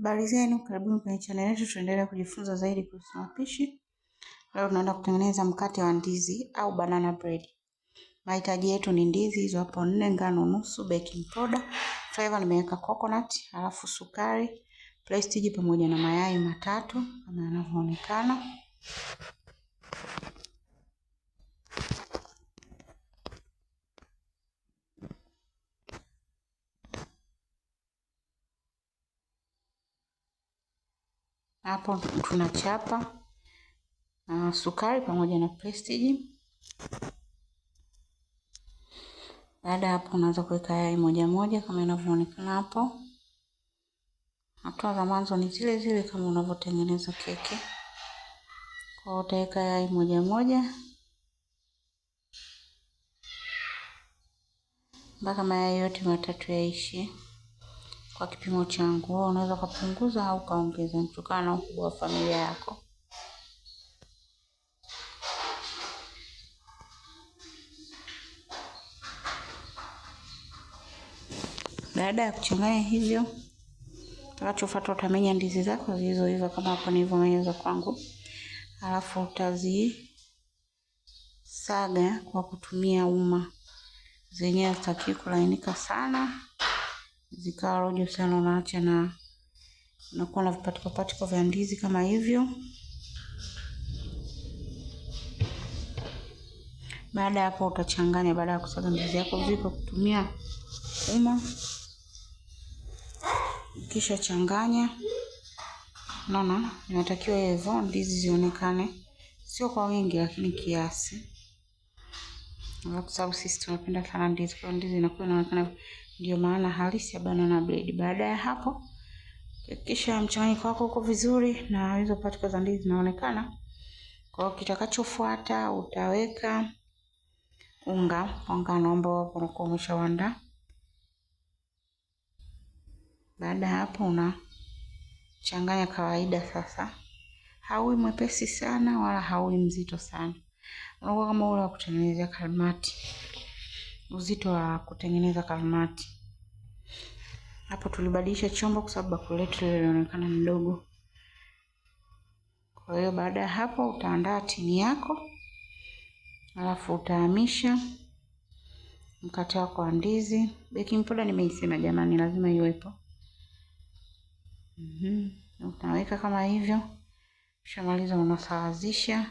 Habari zenu, karibuni kwenye channel yetu. Tunaendelea kujifunza zaidi kuhusu mapishi. Leo tunaenda kutengeneza mkate wa ndizi au banana bread. Mahitaji yetu ni ndizi hizo hapo nne, ngano nusu, baking powder, flavor nimeweka coconut, halafu sukari, prestige pamoja na mayai matatu kama yanavyoonekana. Hapo chapa na sukari pamoja na Prestige. Baada hapo, unaweza kuweka yai moja moja kama inavyoonekana hapo. Hatua za mwanzo ni zile zile kama unavyotengeneza keki. Kwa utaweka yai moja moja mpaka mayai yote matatu yaishi kwa kipimo changu. Wewe unaweza ukapunguza au ukaongeza kutokana na ukubwa wa familia yako. Baada ya kuchanganya hivyo, utakachofuata utamenya ndizi zako zilizoiva kama hapo nilivyomenyeza kwangu, alafu utazisaga kwa kutumia uma, zenyewe zitakii kulainika sana zikawa rojo sana, unaacha na nakuwa na vipatiko patiko vya ndizi kama hivyo. Baada ya hapo utachanganya, baada ya kusaga ndizi yako vizuri kwa kutumia uma, kisha changanya. Naona inatakiwa hivyo ndizi zionekane, sio kwa wingi, lakini kiasi, kwa sababu sisi tunapenda sana ndizi, kwa ndizi inakuwa inaonekana ndio maana halisi ya banana bread. Baada ya hapo, hakikisha mchanganyiko wako uko vizuri na hizo patika za ndizi zinaonekana. Kwa hiyo kitakachofuata utaweka unga. Unga naomba wapo unakuwa umeshawanda. Baada ya hapo, unachanganya kawaida. Sasa haui mwepesi sana wala haui mzito sana, unakuwa kama ule wa kutengenezea kalmati uzito wa kutengeneza kalmati. Hapo tulibadilisha chombo kwa sababu bakuli letu lilionekana mdogo. Kwa hiyo baada ya hapo utaandaa tini yako, alafu utahamisha mkate wako wa ndizi. Baking powder nimeisema jamani, lazima iwepo. Mm -hmm. Utaweka kama hivyo, ushamaliza unasawazisha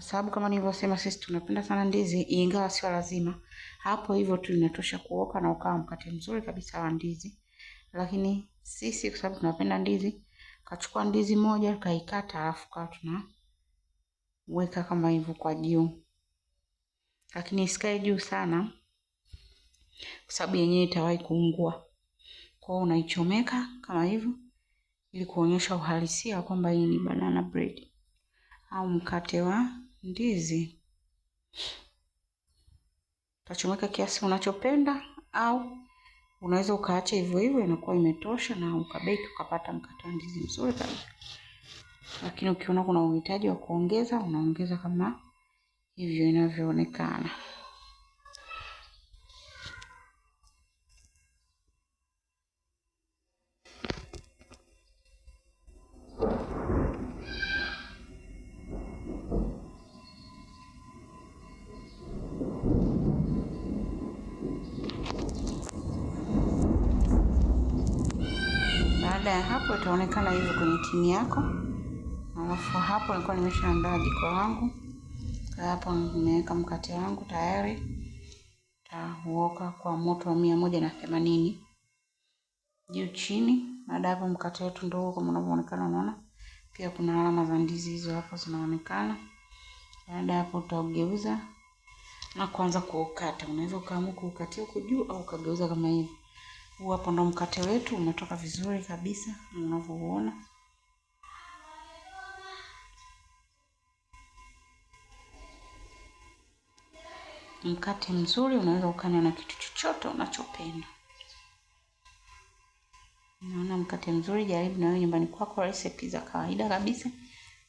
kwa sababu kama nilivyosema, sisi tunapenda sana ndizi, ingawa sio lazima. Hapo hivyo tu inatosha kuoka na ukawa mkate mzuri kabisa wa ndizi. Lakini sisi kwa sababu tunapenda ndizi, kachukua ndizi moja kaikata, alafu kawa tunaweka kama hivyo kwa juu, lakini isikae juu sana, kwa sababu yenyewe itawahi kuungua. Kwa hiyo unaichomeka kama hivyo, ili kuonyesha uhalisia kwamba hii ni banana bread au mkate wa ndizi. Utachomeka kiasi unachopenda au unaweza ukaacha hivyo hivyo, inakuwa imetosha na ukabeki ukapata mkate wa ndizi mzuri kabisa. Lakini ukiona kuna uhitaji wa kuongeza, unaongeza kama hivyo inavyoonekana. Baada ya hapo itaonekana hivyo kwenye tini yako. Alafu hapo nilikuwa nimeshaandaa jiko langu. Hapo nimeweka mkate wangu tayari, tauoka kwa moto wa mia moja na themanini juu chini. Baada hapo mkate wetu ndogo kama unavyoonekana, unaona pia kuna alama za ndizi hizo hapo zinaonekana. Baada hapo utaugeuza na kuanza kuukata. Unaweza ukaamua kuukatia huko juu au ukageuza kama hivi. Huu hapo ndo mkate wetu umetoka vizuri kabisa unavyoona. Mkate mzuri unaweza ukanywa na kitu chochote unachopenda. Naona mkate mzuri, jaribu na wewe nyumbani kwako, recipe za kawaida kabisa.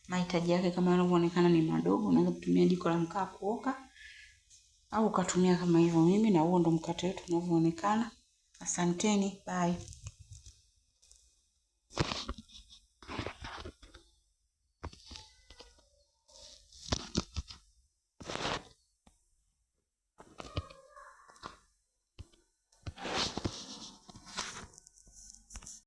Mahitaji yake kama yanavyoonekana ni madogo, unaweza kutumia jiko la mkaa kuoka au ukatumia kama hivyo mimi, na huo ndo mkate wetu unavyoonekana. Asanteni, bye.